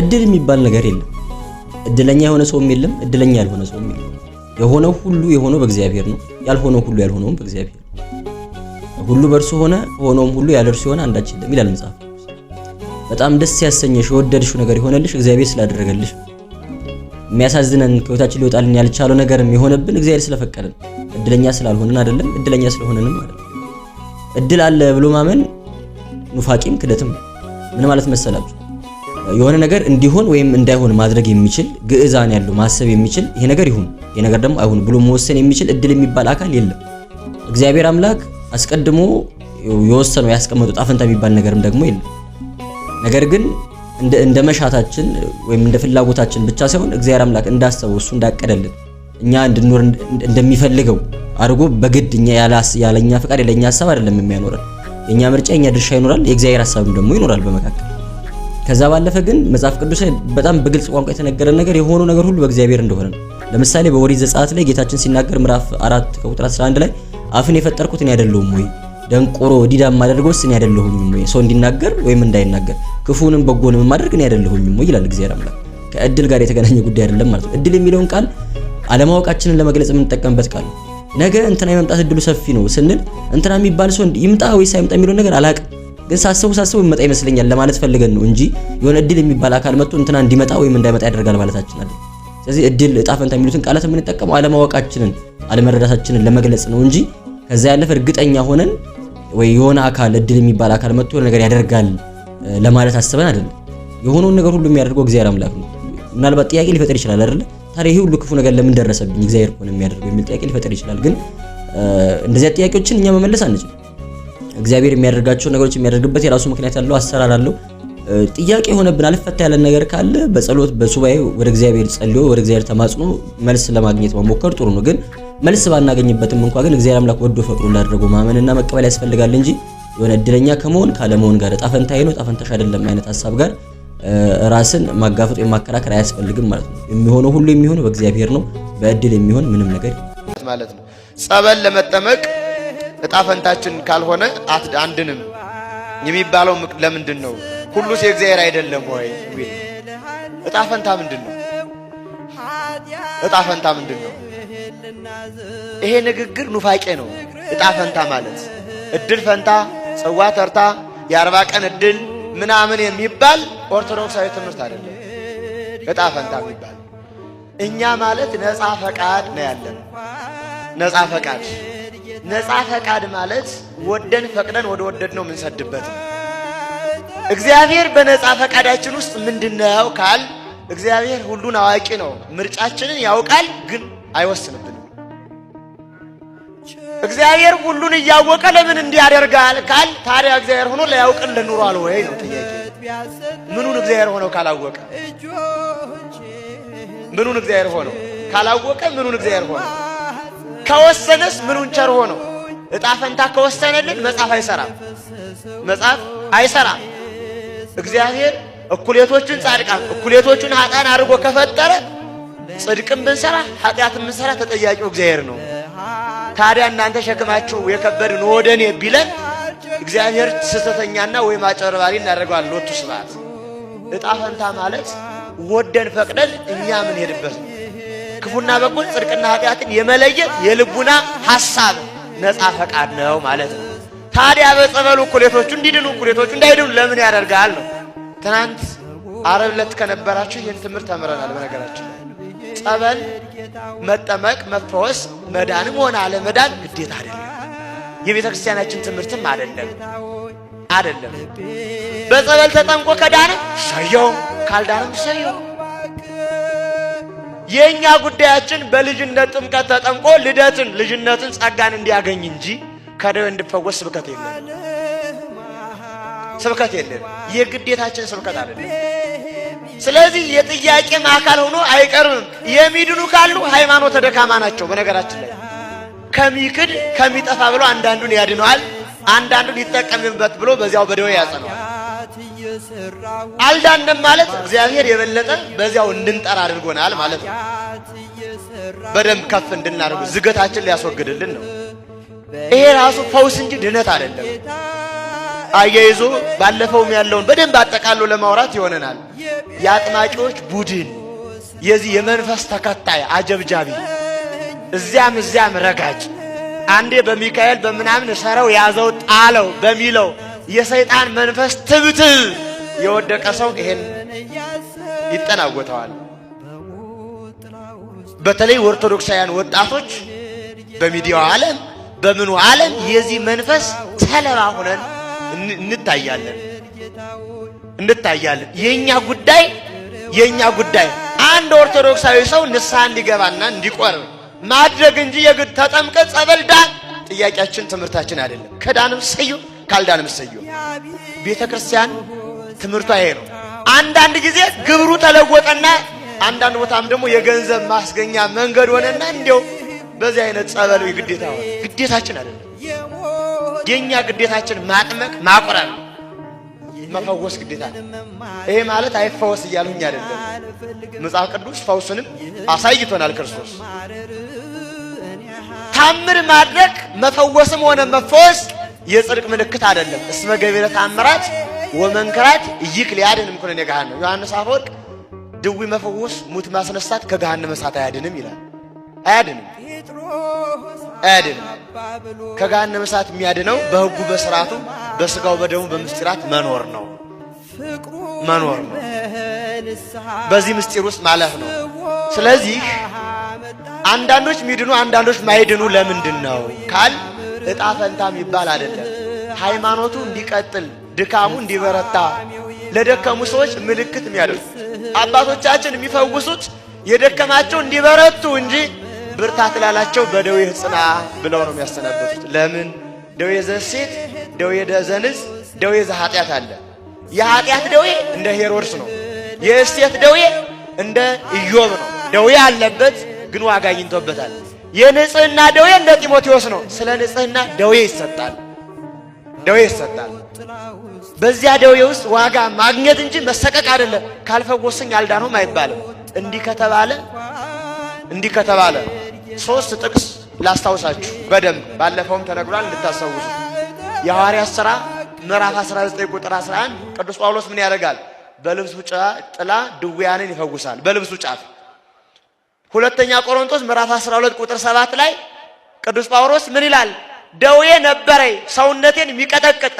እድል የሚባል ነገር የለም። እድለኛ የሆነ ሰውም የለም፣ እድለኛ ያልሆነ ሰውም የለም። የሆነው ሁሉ የሆነው በእግዚአብሔር ነው። ያልሆነው ሁሉ ያልሆነውም በእግዚአብሔር ነው። ሁሉ በእርሱ ሆነ፣ ሆኖም ሁሉ ያለ እርሱ የሆነ አንዳች የለም ይላል መጽሐፍ። በጣም ደስ ያሰኘሽ የወደድሽው ነገር የሆነልሽ እግዚአብሔር ስላደረገልሽ። የሚያሳዝነን ከህይወታችን ሊወጣልን ያልቻለው ነገርም የሆነብን እግዚአብሔር ስለፈቀደን እድለኛ ስላልሆንን አይደለም፣ እድለኛ ስለሆነንም አይደለም። እድል አለ ብሎ ማመን ኑፋቂም ክደትም ምን ማለት መሰላችሁ? የሆነ ነገር እንዲሆን ወይም እንዳይሆን ማድረግ የሚችል ግዕዛን ያለው ማሰብ የሚችል ይሄ ነገር ይሁን ይሄ ነገር ደግሞ አይሁን ብሎ መወሰን የሚችል እድል የሚባል አካል የለም። እግዚአብሔር አምላክ አስቀድሞ የወሰነው ያስቀመጠው ጣፈንታ የሚባል ነገርም ደግሞ የለም። ነገር ግን እንደ መሻታችን ወይም እንደ ፍላጎታችን ብቻ ሳይሆን እግዚአብሔር አምላክ እንዳሰበው እሱ እንዳቀደልን እኛ እንድንኖር እንደሚፈልገው አድርጎ በግድ እኛ ያለኛ ፍቃድ ያለኛ ሀሳብ አይደለም የሚያኖረን። የእኛ ምርጫ የእኛ ድርሻ ይኖራል። የእግዚአብሔር ሀሳብም ደግሞ ይኖራል በመካከል ከዛ ባለፈ ግን መጽሐፍ ቅዱስ ላይ በጣም በግልጽ ቋንቋ የተነገረ ነገር የሆኑ ነገር ሁሉ በእግዚአብሔር እንደሆነ ነው። ለምሳሌ በኦሪት ዘጸአት ላይ ጌታችን ሲናገር ምዕራፍ 4 ቁጥር 11 ላይ አፍን የፈጠርኩት እኔ አይደለሁም ወይ? ደንቆሮ ዲዳ የማደርገውስ እኔ አይደለሁም ወይ? ሰው እንዲናገር ወይም እንዳይናገር ክፉንም በጎንም የማደርግ እኔ አይደለሁም ወይ? ይላል እግዚአብሔር አምላክ። ከእድል ጋር የተገናኘ ጉዳይ አይደለም ማለት ነው። እድል የሚለውን ቃል አለማወቃችንን ለመግለጽ የምንጠቀምበት ቃል ነገ እንትና የመምጣት እድሉ ሰፊ ነው ስንል እንትና የሚባል ሰው ይምጣ ወይስ አይምጣ የሚለውን ነገር አላቅም ግን ሳስቡ ሳስቡ ይመጣ ይመስለኛል ለማለት ፈልገን ነው እንጂ የሆነ እድል የሚባል አካል መጥቶ እንትና እንዲመጣ ወይም እንዳይመጣ ያደርጋል ማለታችን አለ። ስለዚህ እድል፣ እጣ ፈንታ የሚሉትን ቃላት የምንጠቀመው አለማወቃችንን፣ አለመረዳታችንን ለመግለጽ ነው እንጂ ከዛ ያለፈ እርግጠኛ ሆነን ወይ የሆነ አካል እድል የሚባል አካል መጥቶ የሆነ ነገር ያደርጋል ለማለት አስበን አይደለም። የሆነውን ነገር ሁሉ የሚያደርገው እግዚአብሔር አምላክ ነው። ምናልባት ጥያቄ ሊፈጥር ይችላል አይደለ? ታዲያ ይሄ ሁሉ ክፉ ነገር ለምን ደረሰብኝ እግዚአብሔር እኮ የሚያደርገው የሚል ጥያቄ ሊፈጥር ይችላል። ግን እንደዚያ ጥያቄዎችን እኛ መመለስ አንችልም። እግዚአብሔር የሚያደርጋቸው ነገሮች የሚያደርግበት የራሱ ምክንያት ያለው አሰራር አለው። ጥያቄ የሆነብን አልፈታ ያለን ነገር ካለ በጸሎት በሱባኤ ወደ እግዚአብሔር ጸልዮ ወደ እግዚአብሔር ተማጽኖ መልስ ለማግኘት መሞከር ጥሩ ነው። ግን መልስ ባናገኝበትም እንኳ ግን እግዚአብሔር አምላክ ወዶ ፈቅዶ እንዳደረገው ማመንና መቀበል ያስፈልጋል እንጂ የሆነ እድለኛ ከመሆን ካለመሆን ጋር ጣፈንታዬ ነው ጣፈንታሽ አይደለም አይነት ሀሳብ ጋር ራስን ማጋፈጥ የማከራከር አያስፈልግም ማለት ነው። የሚሆነው ሁሉ የሚሆነው በእግዚአብሔር ነው። በእድል የሚሆን ምንም ነገር ማለት ነው። ጸበል ለመጠመቅ እጣ ፈንታችን ካልሆነ አንድንም የሚባለው ለምንድን ነው? ሁሉስ የእግዚአብሔር አይደለም ወይ? እጣ ፈንታ ምንድን ነው? እጣ ፈንታ ምንድን ነው? ይሄ ንግግር ኑፋቄ ነው። እጣ ፈንታ ማለት እድል ፈንታ፣ ጽዋ ተርታ፣ የአርባ ቀን እድል ምናምን የሚባል ኦርቶዶክሳዊ ትምህርት አይደለም። እጣ ፈንታ የሚባል እኛ ማለት ነፃ ፈቃድ ነው ያለን ነፃ ፈቃድ ነፃ ፈቃድ ማለት ወደን ፈቅደን ወደ ወደድ ነው የምንሰድበት እግዚአብሔር በነፃ ፈቃዳችን ውስጥ ምንድነው ካል እግዚአብሔር ሁሉን አዋቂ ነው። ምርጫችንን ያውቃል፣ ግን አይወስንብንም። እግዚአብሔር ሁሉን እያወቀ ለምን እንዲህ ያደርጋል ካል ታዲያ እግዚአብሔር ሆኖ ላያውቅን ለኑሯል ወይ ነው ጥያቄ። ምኑን እግዚአብሔር ሆነው ካላወቀ ምኑን እግዚአብሔር ሆነው ካላወቀ ምኑን እግዚአብሔር ሆነው ከወሰነስ ምኑን ቸር ሆኖ እጣ ፈንታ ከወሰነልን መጽሐፍ አይሰራም፣ መጽሐፍ አይሰራም። እግዚአብሔር እኩሌቶቹን ጻድቃን እኩሌቶቹን ኃጣን አድርጎ ከፈጠረ ጽድቅም ብንሰራ ኃጢአትም ብንሰራ ተጠያቂው እግዚአብሔር ነው። ታዲያ እናንተ ሸክማችሁ የከበድ ነው ወደ እኔ ቢለን እግዚአብሔር ስህተተኛና ወይም አጨበርባሪ እናደርገዋለን። ሎቱ ስብሐት። እጣ ፈንታ ማለት ወደን ፈቅደን እኛ ምን ሄድበት ነው ክፉና በጎን ጽድቅና ኃጢአትን የመለየት የልቡና ሐሳብ ነፃ ፈቃድ ነው ማለት ነው። ታዲያ በጸበሉ እኩሌቶቹ እንዲድኑ እኩሌቶቹ እንዳይድኑ ለምን ያደርጋል ነው። ትናንት ዓርብ ዕለት ከነበራችሁ ይህን ትምህርት ተምረናል። በነገራችን ጸበል መጠመቅ መፈወስ መዳንም ሆነ አለመዳን ግዴታ አይደለም። የቤተ ክርስቲያናችን ትምህርትም አይደለም አይደለም። በጸበል ተጠምቆ ከዳነ ሰየው ካልዳነም ሰየው የእኛ ጉዳያችን በልጅነት ጥምቀት ተጠምቆ ልደትን ልጅነትን ጸጋን እንዲያገኝ እንጂ ከደዌ እንድፈወስ ስብከት የለን ስብከት የለን። የግዴታችን ስብከት አለ። ስለዚህ የጥያቄ አካል ሆኖ አይቀርብም። የሚድኑ ካሉ ሃይማኖተ ደካማ ናቸው። በነገራችን ላይ ከሚክድ ከሚጠፋ ብሎ አንዳንዱን ያድነዋል፣ አንዳንዱን ይጠቀምበት ብሎ በዚያው በደዌ ያጸነዋል። አልዳንም ማለት እግዚአብሔር የበለጠ በዚያው እንድንጠራ አድርጎናል ማለት ነው። በደንብ ከፍ እንድናደርጉ ዝገታችን ሊያስወግድልን ነው። ይሄ ራሱ ፈውስ እንጂ ድነት አይደለም። አያይዞ ባለፈውም ያለውን በደንብ አጠቃሎ ለማውራት ይሆነናል። የአጥማቂዎች ቡድን የዚህ የመንፈስ ተከታይ አጀብጃቢ፣ እዚያም እዚያም ረጋጭ፣ አንዴ በሚካኤል በምናምን ሰረው ያዘው ጣለው በሚለው የሰይጣን መንፈስ ትብትብ የወደቀ ሰው ይሄን ይጠናወተዋል። በተለይ ኦርቶዶክሳውያን ወጣቶች በሚዲያው ዓለም በምኑ ዓለም የዚህ መንፈስ ተለባ ሆነን እንታያለን እንታያለን። የኛ ጉዳይ የኛ ጉዳይ አንድ ኦርቶዶክሳዊ ሰው ንስሐ እንዲገባና እንዲቆርብ ማድረግ እንጂ የግድ ተጠምቀ ጸበል ዳን ጥያቄያችን ትምህርታችን አይደለም። ከዳንም ሰዩ ካልዳንም ሰዩ ቤተ ክርስቲያን ትምህርቷ ይሄ ነው። አንዳንድ ጊዜ ግብሩ ተለወጠና አንዳንድ ቦታም ደግሞ የገንዘብ ማስገኛ መንገድ ሆነና እንዲያው በዚህ አይነት ጸበሉ ግዴታ ሆነ። ግዴታችን አይደለም። የኛ ግዴታችን ማጥመቅ፣ ማቁረብ፣ መፈወስ ግዴታ ነው። ይሄ ማለት አይፈወስ እያሉኝ አይደለም። መጽሐፍ ቅዱስ ፈውስንም አሳይቶናል ክርስቶስ ታምር ማድረግ መፈወስም ሆነ መፈወስ የጽድቅ ምልክት አይደለም። እስመ ገቢረ ተአምራት ወመንከራት ይክ ሊያድን ምኩነኔ ገሃነም ነው። ዮሐንስ አፈወርቅ ድዊ መፈወስ ሙት ማስነሳት ከገሃነመ እሳት አያድንም ይላል። አያድንም፣ አያድንም። ከገሃነመ እሳት የሚያድነው በህጉ በስርዓቱ በስጋው በደሙ በምስጢራት መኖር ነው መኖር ነው። በዚህ ምስጢር ውስጥ ማለፍ ነው። ስለዚህ አንዳንዶች ሚድኑ አንዳንዶች ማይድኑ ለምንድን ነው ካል እጣ ፈንታ የሚባል አይደለም። ሃይማኖቱ እንዲቀጥል ድካሙ እንዲበረታ ለደከሙ ሰዎች ምልክት የሚያደርጉ አባቶቻችን የሚፈውሱት የደከማቸው እንዲበረቱ እንጂ ብርታት ላላቸው በደዌ ጽና ብለው ነው የሚያስተናበቱት። ለምን ደዌ ዘሴት፣ ደዌ ዘንስ፣ ደዌ ዘኃጢአት አለ። የኃጢአት ደዌ እንደ ሄሮድስ ነው። የእሴት ደዌ እንደ ኢዮብ ነው። ደዌ አለበት ግን ዋጋ አግኝቶበታል። የንጽህና ደዌ እንደ ጢሞቴዎስ ነው። ስለ ንጽህና ደዌ ይሰጣል፣ ደዌ ይሰጣል። በዚያ ደዌ ውስጥ ዋጋ ማግኘት እንጂ መሰቀቅ አይደለም። ካልፈወሰኝ አልዳነውም አይባልም። እንዲህ ከተባለ እንዲህ ከተባለ ሶስት ጥቅስ ላስታውሳችሁ በደንብ ባለፈውም ተነግሯል እንድታስታውሱ። የሐዋርያት ሥራ ምዕራፍ 19 ቁጥር 11 ቅዱስ ጳውሎስ ምን ያደርጋል? በልብሱ ጥላ ድውያንን ይፈውሳል፣ በልብሱ ጫፍ። ሁለተኛ ቆሮንቶስ ምዕራፍ 12 ቁጥር 7 ላይ ቅዱስ ጳውሎስ ምን ይላል? ደዌ ነበረኝ ሰውነቴን የሚቀጠቅጥ